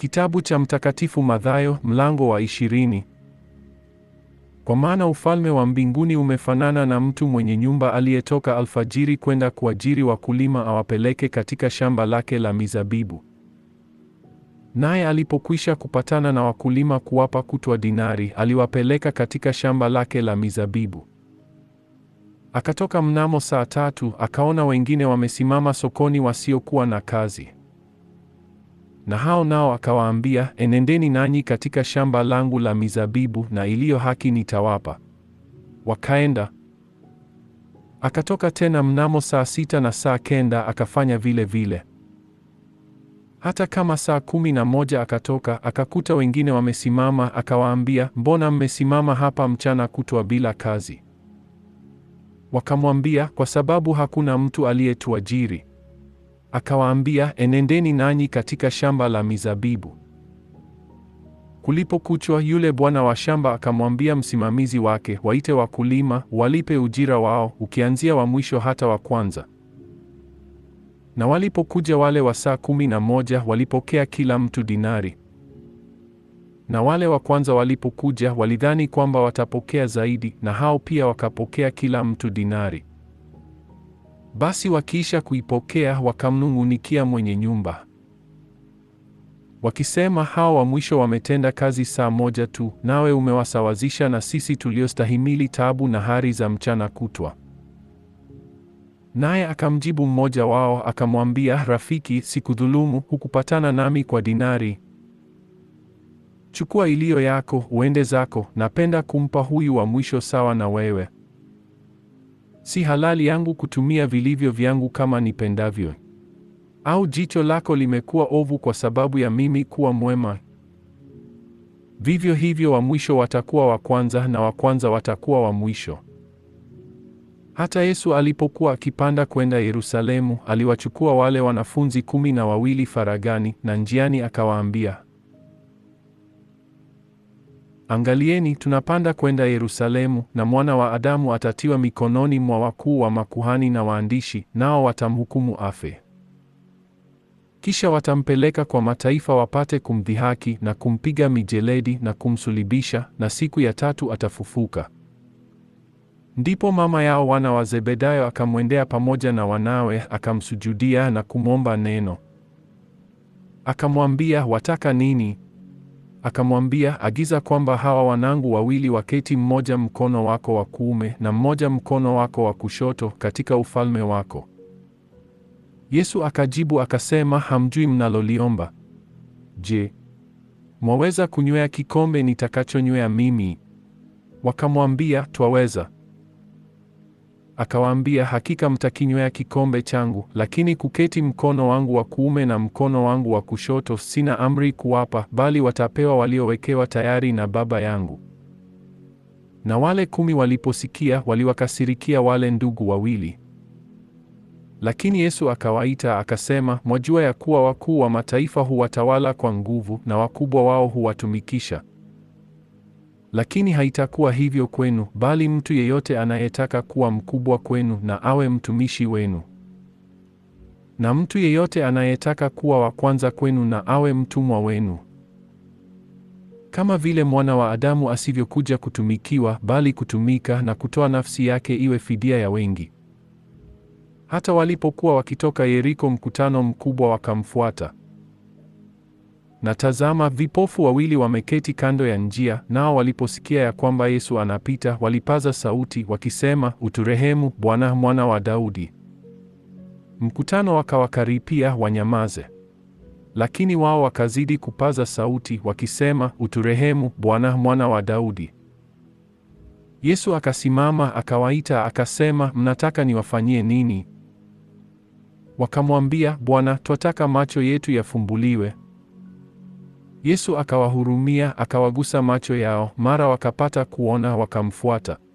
Kitabu cha Mtakatifu Mathayo mlango wa ishirini. Kwa maana ufalme wa mbinguni umefanana na mtu mwenye nyumba aliyetoka alfajiri kwenda kuajiri wakulima awapeleke katika shamba lake la mizabibu. Naye alipokwisha kupatana na wakulima kuwapa kutwa dinari, aliwapeleka katika shamba lake la mizabibu. Akatoka mnamo saa tatu, akaona wengine wamesimama sokoni wasiokuwa na kazi na hao nao akawaambia, enendeni nanyi katika shamba langu la mizabibu, na iliyo haki nitawapa. Wakaenda. Akatoka tena mnamo saa sita na saa kenda akafanya vile vile. Hata kama saa kumi na moja akatoka akakuta wengine wamesimama, akawaambia, mbona mmesimama hapa mchana kutwa bila kazi? Wakamwambia, kwa sababu hakuna mtu aliyetuajiri. Akawaambia, enendeni nanyi katika shamba la mizabibu. Kulipokuchwa, yule bwana wa shamba akamwambia msimamizi wake, waite wakulima, walipe ujira wao, ukianzia wa mwisho hata wa kwanza. Na walipokuja wale wa saa kumi na moja, walipokea kila mtu dinari. Na wale wa kwanza walipokuja, walidhani kwamba watapokea zaidi, na hao pia wakapokea kila mtu dinari. Basi wakiisha kuipokea wakamnung'unikia mwenye nyumba wakisema, hao wa mwisho wametenda kazi saa moja tu, nawe umewasawazisha na sisi tuliostahimili taabu na hari za mchana kutwa. Naye akamjibu mmoja wao akamwambia, Rafiki, sikudhulumu. Hukupatana nami kwa dinari. Chukua iliyo yako uende zako. Napenda kumpa huyu wa mwisho sawa na wewe si halali yangu kutumia vilivyo vyangu kama nipendavyo? Au jicho lako limekuwa ovu kwa sababu ya mimi kuwa mwema? Vivyo hivyo wa mwisho watakuwa wa kwanza, na wa kwanza watakuwa wa mwisho. Hata Yesu alipokuwa akipanda kwenda Yerusalemu, aliwachukua wale wanafunzi kumi na wawili faragani, na njiani akawaambia Angalieni, tunapanda kwenda Yerusalemu, na mwana wa Adamu atatiwa mikononi mwa wakuu wa makuhani na waandishi, nao watamhukumu afe. Kisha watampeleka kwa mataifa wapate kumdhihaki na kumpiga mijeledi na kumsulibisha, na siku ya tatu atafufuka. Ndipo mama yao wana wa Zebedayo akamwendea pamoja na wanawe, akamsujudia na kumwomba neno. Akamwambia, wataka nini? Akamwambia, agiza kwamba hawa wanangu wawili waketi, mmoja mkono wako wa kuume na mmoja mkono wako wa kushoto, katika ufalme wako. Yesu akajibu akasema, hamjui mnaloliomba. Je, mwaweza kunywea kikombe nitakachonywea mimi? Wakamwambia, twaweza akawaambia, hakika mtakinywea kikombe changu, lakini kuketi mkono wangu wa kuume na mkono wangu wa kushoto sina amri kuwapa, bali watapewa waliowekewa tayari na Baba yangu. Na wale kumi waliposikia, waliwakasirikia wale ndugu wawili. Lakini Yesu akawaita akasema, mwajua ya kuwa wakuu wa mataifa huwatawala kwa nguvu, na wakubwa wao huwatumikisha lakini haitakuwa hivyo kwenu, bali mtu yeyote anayetaka kuwa mkubwa kwenu na awe mtumishi wenu, na mtu yeyote anayetaka kuwa wa kwanza kwenu na awe mtumwa wenu, kama vile mwana wa Adamu asivyokuja kutumikiwa, bali kutumika na kutoa nafsi yake iwe fidia ya wengi. Hata walipokuwa wakitoka Yeriko, mkutano mkubwa wakamfuata. Na tazama, vipofu wawili wameketi kando ya njia, nao waliposikia ya kwamba Yesu anapita, walipaza sauti wakisema, uturehemu Bwana, mwana wa Daudi. Mkutano wakawakaripia wanyamaze, lakini wao wakazidi kupaza sauti wakisema, uturehemu Bwana, mwana wa Daudi. Yesu akasimama akawaita, akasema, mnataka niwafanyie nini? Wakamwambia, Bwana, twataka macho yetu yafumbuliwe. Yesu akawahurumia, akawagusa macho yao, mara wakapata kuona, wakamfuata.